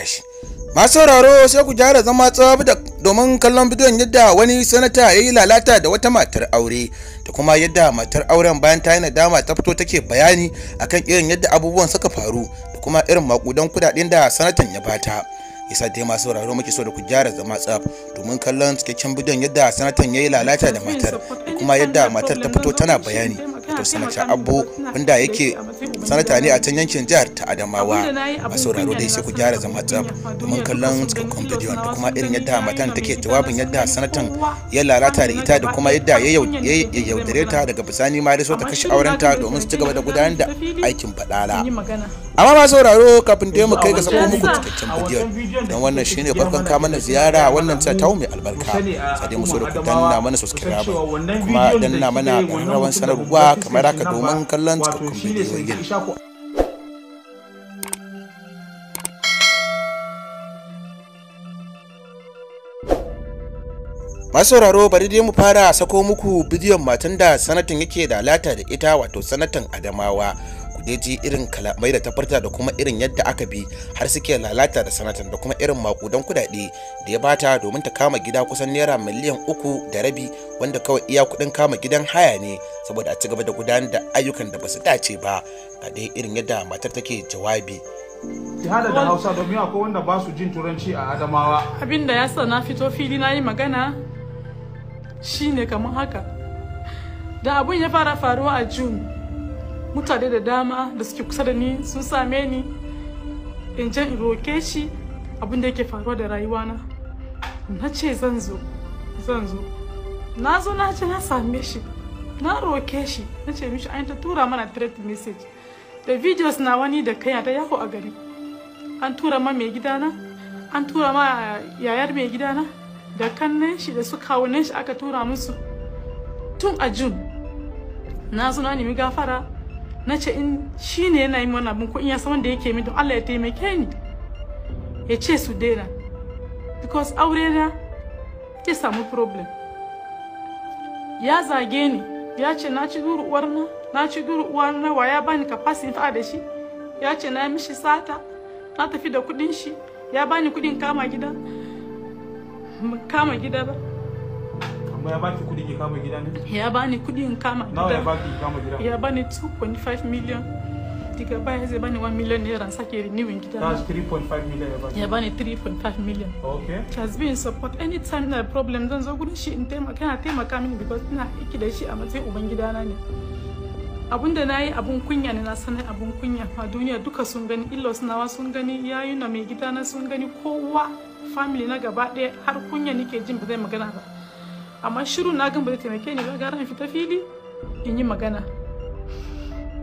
kashi masu sauraro sai ku gyara zama tsawab da domin kallon bidiyon yadda wani sanata ya yi lalata da wata matar aure da kuma yadda matar auren bayan ta yi nadama ta fito take bayani akan irin yadda abubuwan suka faru da kuma irin makudan kudaden da sanatan ya bata yasa dai masu sauraro muke so da ku gyara zama tsaf domin kallon cikakken bidiyon yadda sanatan ya yi lalata da matar da kuma yadda matar ta fito tana bayani to sanata abu wanda yake sanata ne a can yankin jihar ta adamawa a sauraro dai sai ku gyara zama tsab domin kallon cikakkun bidiyon da kuma irin yadda matan take jawabin yadda sanatan ya lalata da ita da kuma yadda ya yaudare ta daga bisani ma da so ta kashe aurenta domin su ci gaba da gudanar da aikin fadala amma ma sauraro kafin dai mu kai ga sako muku cikakken bidiyon don wannan shine farkon kama na ziyara wannan ta tawo mai albarka sai dai mu so da ku danna mana subscribe kuma danna mana rawan sanarwa kamar haka domin kallon cikakkun bidiyoyin sha sauraro bari dai mu fara sako muku bidiyon matan da sanatin yake da alata da ita wato sanatan adamawa daidai irin kalamai da ta da kuma irin yadda aka bi har suke lalata da sanatan da kuma irin makudan kudade da ya bata domin ta kama gida kusan naira miliyan uku da rabi wanda kawai iya kudin kama gidan haya ne saboda a ci gaba da gudanar da ayyukan da basu dace ba ga dai irin yadda matar take jawabi Jihada da Hausa domin akwai wanda ba su jin turanci a Adamawa. Abin da ya sa na fito fili na yi magana shine kamar haka. Da abun ya fara faruwa a June mutane da dama da suke kusa da ni sun same ni in je in roke shi abinda yake faruwa da rayuwa na ce zan zo zan zo na zo na ce na same shi na roke shi na ce mishi an ta tura mana threat message da videos na wani da kai ta yaho a gari an tura ma mai gidana an tura ma yayar mai gidana da kannan shi da su kawunan shi aka tura musu tun a jun na zo na nemi gafara na ce in shi ne yana yi mana abin ko ya san wanda yake min don Allah ya taimake ni ya ce su daina because aure na ya samu problem ya zage ni ya ce na ci duru uwar na na ci duru uwar na wa ya bani capacity fa da shi ya ce na mishi sata na tafi da kuɗin shi ya bani kuɗin kama gida kama gida ba Amma ya baki kudi ki kama gida ne? Ya bani kudi in kama gida. Nawa ya baki ki kama gida? Ya bani 2.5 million. Daga baya zai bani 1 million naira in sake renewing gida. That's 3.5 million ya baki. Ya bani 3.5 million. Okay. It has been support anytime na problem zan zo gurin shi in taimaka yana taimaka mini because ina aiki da shi a matsayin uban gidana ne. abun da na yi abun kunya ne na sanar abun kunya a duniya duka sun gani illos nawa sun gani yayuna mai gidana sun gani kowa family na gaba ɗaya har kunya nake jin ba zai magana ba amma shiru na gan ba zai taimake ni ba gara in fita fili in yi magana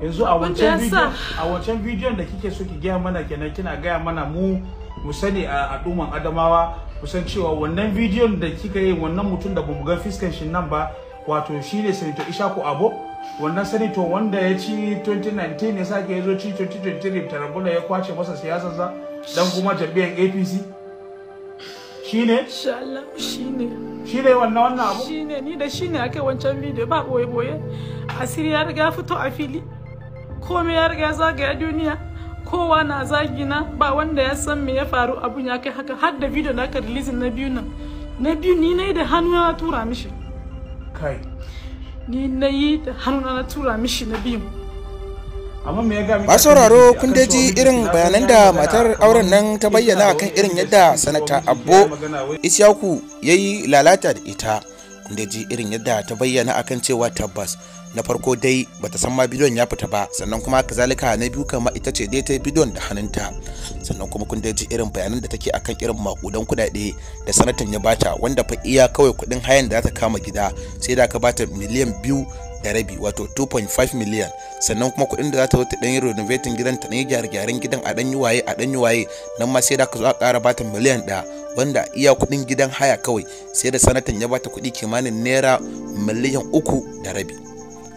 yanzu a wancan bidiyon a wancan bidiyon da kike so ki gaya mana kenan kina gaya mana mu mu sani a al'umman adamawa mu san cewa wannan bidiyon da kika yi wannan mutum da bamu ga fiskan shi nan ba wato shine sanito ishaku abo wannan sanito wanda ya ci 2019 ya sake ya zo ci 2023 tarabula ya kwace masa siyasarsa dan kuma jam'iyyar apc shine shine shine wannan wannan abu shine ni da shine akai wancan bidiyo ba boye boye asiri ya riga fito a fili kome ya riga zagaya duniya kowa na zagina ba wanda ya san me ya faru abun ya kai haka har da bidiyo da aka releasing na biyu nan na biyu ni na yi da hannu na tura mishi kai ni na yi da hannu na tura mishi na biyu ba sauraro kun daji irin bayanan da matar auren nan ta bayyana kan irin yadda sanata abbo isyaku ya yi lalata da ita kun daji irin yadda ta bayyana akan cewa tabbas na farko dai bata san ma bidiyon ya fita ba sannan kuma kazalika na biyu kama ita ce dai ta yi bidiyon da hannunta sannan kuma kun ji irin bayanan da take akan irin makudan kudade da sanatan ya bata wanda fa iya kawai kudin hayan da za ta kama gida sai da ka bata miliyan biyu da rabi wato 2.5 miliyan sannan kuma kuɗin da za ta zo ta ɗanyi renovating gidan ta yi gyare-gyaren gidan a yi waye a yi waye nan ma sai da ka zo a ƙara bata miliyan ɗaya wanda iya kuɗin gidan haya kawai sai da sanatan ya bata kuɗi kimanin naira miliyan uku da rabi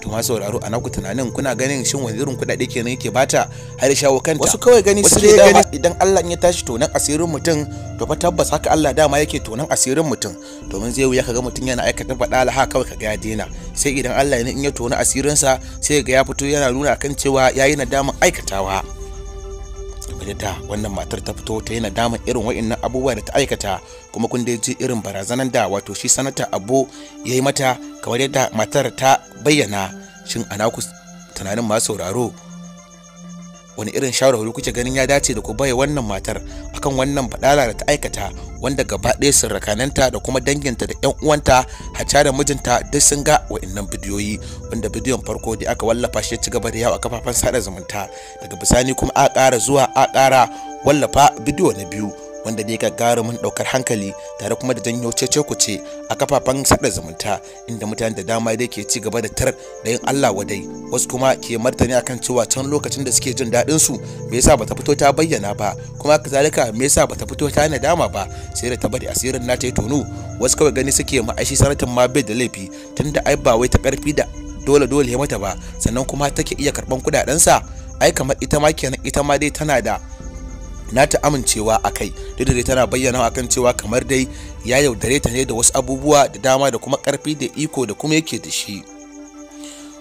to ma sauraro a naku tunanin kuna ganin shin wani irin kuɗaɗe kenan yake bata har shawo kanta wasu kawai gani su dai gani idan Allah ya tashi tonan asirin mutum to fa tabbas haka Allah dama yake tonan asirin mutum domin zai wuya kaga mutum yana aikata faɗa alha kawai kaga ya daina sai idan Allah ne in ya tona asirin sa sai ga ya fito yana nuna kan cewa yayi nadaman aikatawa yadda wannan matar ta fito ta yi nadama irin wa'annan abubuwa da ta aikata kuma kun da ji irin barazanan da wato shi sanata abu ya yi mata kamar yadda matar ta bayyana shin ku tunanin masu sauraro wani irin shawarwari kuke ganin ya dace da ku baya wannan matar akan wannan fadala da ta aikata wanda gaba ɗaya sirrakananta da kuma danginta da yan uwanta hacca da mijinta duk sun ga wa'innan bidiyoyi wanda bidiyon farko da aka wallafa shi ya ci gaba da yawo a kafafen sada zumunta daga bisani kuma a ƙara zuwa a ƙara wallafa bidiyo na biyu wanda dai gagarumin daukar hankali tare kuma da janyo cece-kuce a kafafen sada zumunta inda mutane da dama dai ke ci gaba da tar da yin Allah wadai wasu kuma ke martani akan cewa can lokacin da suke jin daɗin su me yasa bata fito ta bayyana ba kuma kazalika me yasa bata fito ta nadama ba sai da ta bari asirin nata yi tunu wasu kawai gani suke ma'aishi sanatin ma bai da laifi tunda ai ba wai ta karfi da dole dole ya mata ba sannan kuma take iya karban kudaden sa ai kamar ita ma kenan ita ma dai tana da na ta amincewa a kai duk da dai tana bayyana akan cewa kamar dai ya yaudare ta ne da wasu abubuwa da dama da kuma karfi da iko da kuma yake da shi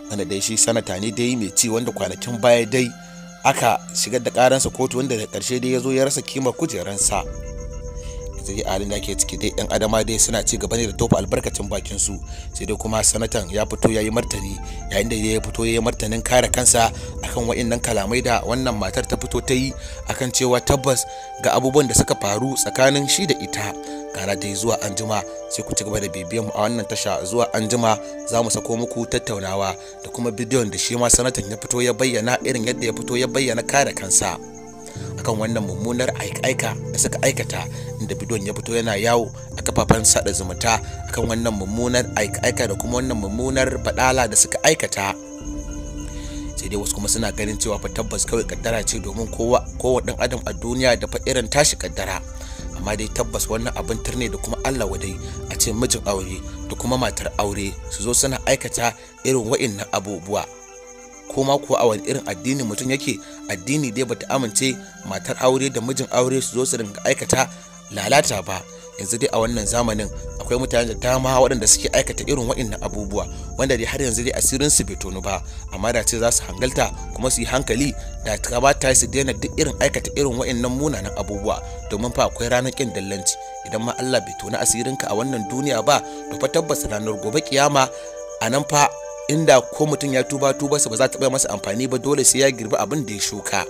wanda dai shi sanata ne dai mai ci wanda kwanakin baya dai aka shigar da karansa kotu wanda da karshe dai ya zo ya rasa kimar kujeransa dai a halin da ake ciki dai yan adama dai suna ci gaba ne da tofa albarkacin bakin su sai dai kuma sanatan ya fito yayi martani yayin da ya fito ya yi martanin kare kansa akan wayannan kalamai da wannan matar ta fito ta yi akan cewa tabbas ga abubuwan da suka faru tsakanin shi da ita kara dai zuwa anjima sai ku ci gaba da bibiyan mu a wannan tasha zuwa anjima za mu sako muku tattaunawa da kuma bidiyon da shi ma sanatan ya fito ya bayyana irin yadda ya fito ya bayyana kare kansa. akan wannan mummunar aika da suka aikata inda bidon ya fito yana yawo a kafafen sada zumunta akan wannan mummunar aika da kuma wannan mummunar fadala da suka aikata sai dai wasu kuma suna ganin cewa fa tabbas kawai kaddara ce domin kowa kowa dan adam a duniya da fa irin tashi kaddara amma dai tabbas wannan abin turne da kuma Allah wadai a ce mijin aure da kuma matar aure su zo suna aikata irin wa'innan abubuwa ko ma kuwa a wani irin addini mutum yake addini dai bata amince matar aure da mijin aure su zo su dinga aikata lalata ba yanzu dai a wannan zamanin akwai mutane da dama waɗanda suke aikata irin waɗannan abubuwa wanda dai har yanzu dai asirin su bai tonu ba amma da ce za su hangalta kuma su yi hankali da kamata su daina duk irin aikata irin waɗannan munanan abubuwa domin fa akwai ranar ƙin dallanci idan ma Allah bai toni asirinka a wannan duniya ba to fa tabbas ranar gobe kiyama a nan fa inda ko mutum ya tuba tuba sa ba za ta bai masa amfani ba dole sai ya girbi abin da ya shuka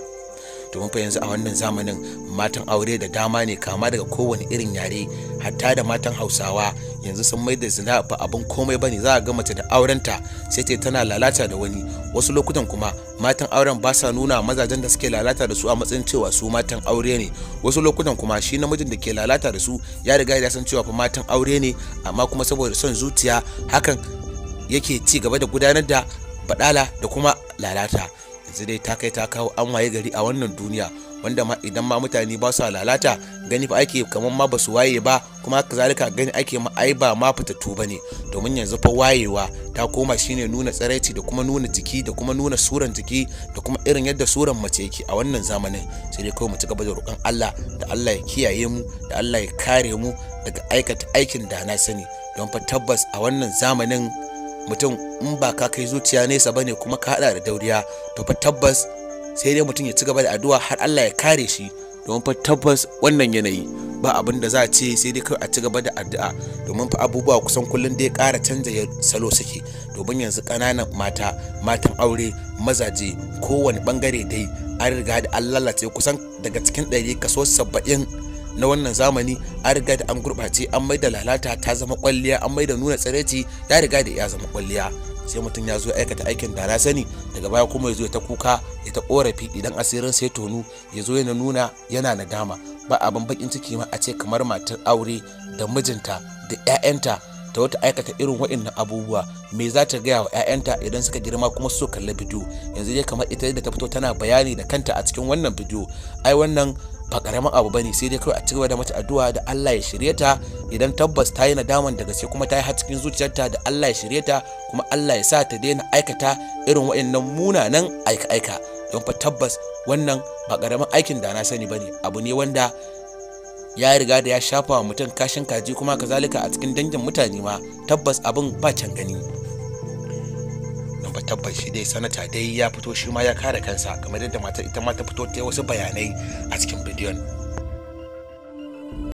domin fa yanzu a wannan zamanin matan aure da dama ne kama daga kowane irin yare hatta da matan hausawa yanzu sun mai da zina ba abin komai ba ne za a ga mace da aurenta sai ta tana lalata da wani wasu lokutan kuma matan auren ba sa nuna mazajen da suke lalata da su a matsayin cewa su matan aure ne wasu lokutan kuma shi namijin da ke lalata da su ya riga ya san cewa fa matan aure ne amma kuma saboda son zuciya hakan yake ci gaba da gudanar da baɗala da kuma lalata yanzu dai ta kai ta kawo an waye gari a wannan duniya wanda ma idan ma mutane ba su lalata gani fa ake kamar ma ba su waye ba kuma haka zalika gani ake ma ai ba ma fitattu bane domin yanzu fa wayewa ta koma shine nuna tsaraici da kuma nuna jiki da kuma nuna suran jiki da kuma irin yadda suran mace yake a wannan zamanin sai dai kawai mu ci gaba da roƙon Allah da Allah ya kiyaye mu da Allah ya kare mu daga aikata aikin da na sani don fa tabbas a wannan zamanin mutum in ba ka kai zuciya nesa bane kuma ka hada da dauriya to fa tabbas sai dai mutum ya ci gaba da addu'a har Allah ya kare shi domin fa tabbas wannan yanayi ba abin da za a ce sai dai kawai a ci gaba da addu'a domin fa abubuwa kusan kullum dai ƙara canza salo suke domin yanzu ƙananan mata matan aure mazaje kowane bangare dai an riga da an lalace kusan daga cikin ɗari kaso saba'in na wannan zamani an riga da an gurɓace an mai da lalata ta zama kwalliya an mai da nuna tsiraici ya riga da ya zama kwalliya sai mutum ya zo ya aikata aikin da na sani daga baya kuma ya zo ya ta kuka ya ta korafi idan asirin sai tonu ya zo yana nuna yana nadama ba abin bakin ciki ma a ce kamar matar aure da mijinta da 'ya'yanta ta wata aikata irin waɗannan abubuwa me za ta gaya wa 'ya'yanta idan suka girma kuma su kalla bidiyo yanzu dai kamar ita da ta fito tana bayani da kanta a cikin wannan bidiyo ai wannan ba karamin abu bane sai dai kawai a cigaba da mata addu'a da Allah ya shirye ta idan tabbas ta yi nadaman da gaske kuma ta yi har cikin zuciyarta da Allah ya shirye ta kuma Allah ya sa ta daina aikata irin waɗannan munanan aika-aika don fa tabbas wannan ba karamin aikin da na sani bane abu ne wanda ya riga da ya shafa wa mutum kashin kaji kuma kazalika a cikin dangin mutane ma tabbas abin ba can gani. ba tabbas shi dai sanata dai ya fito shi ma ya kare kansa kamar yadda matar ita ma ta fito ta yi wasu bayanai a cikin bidiyon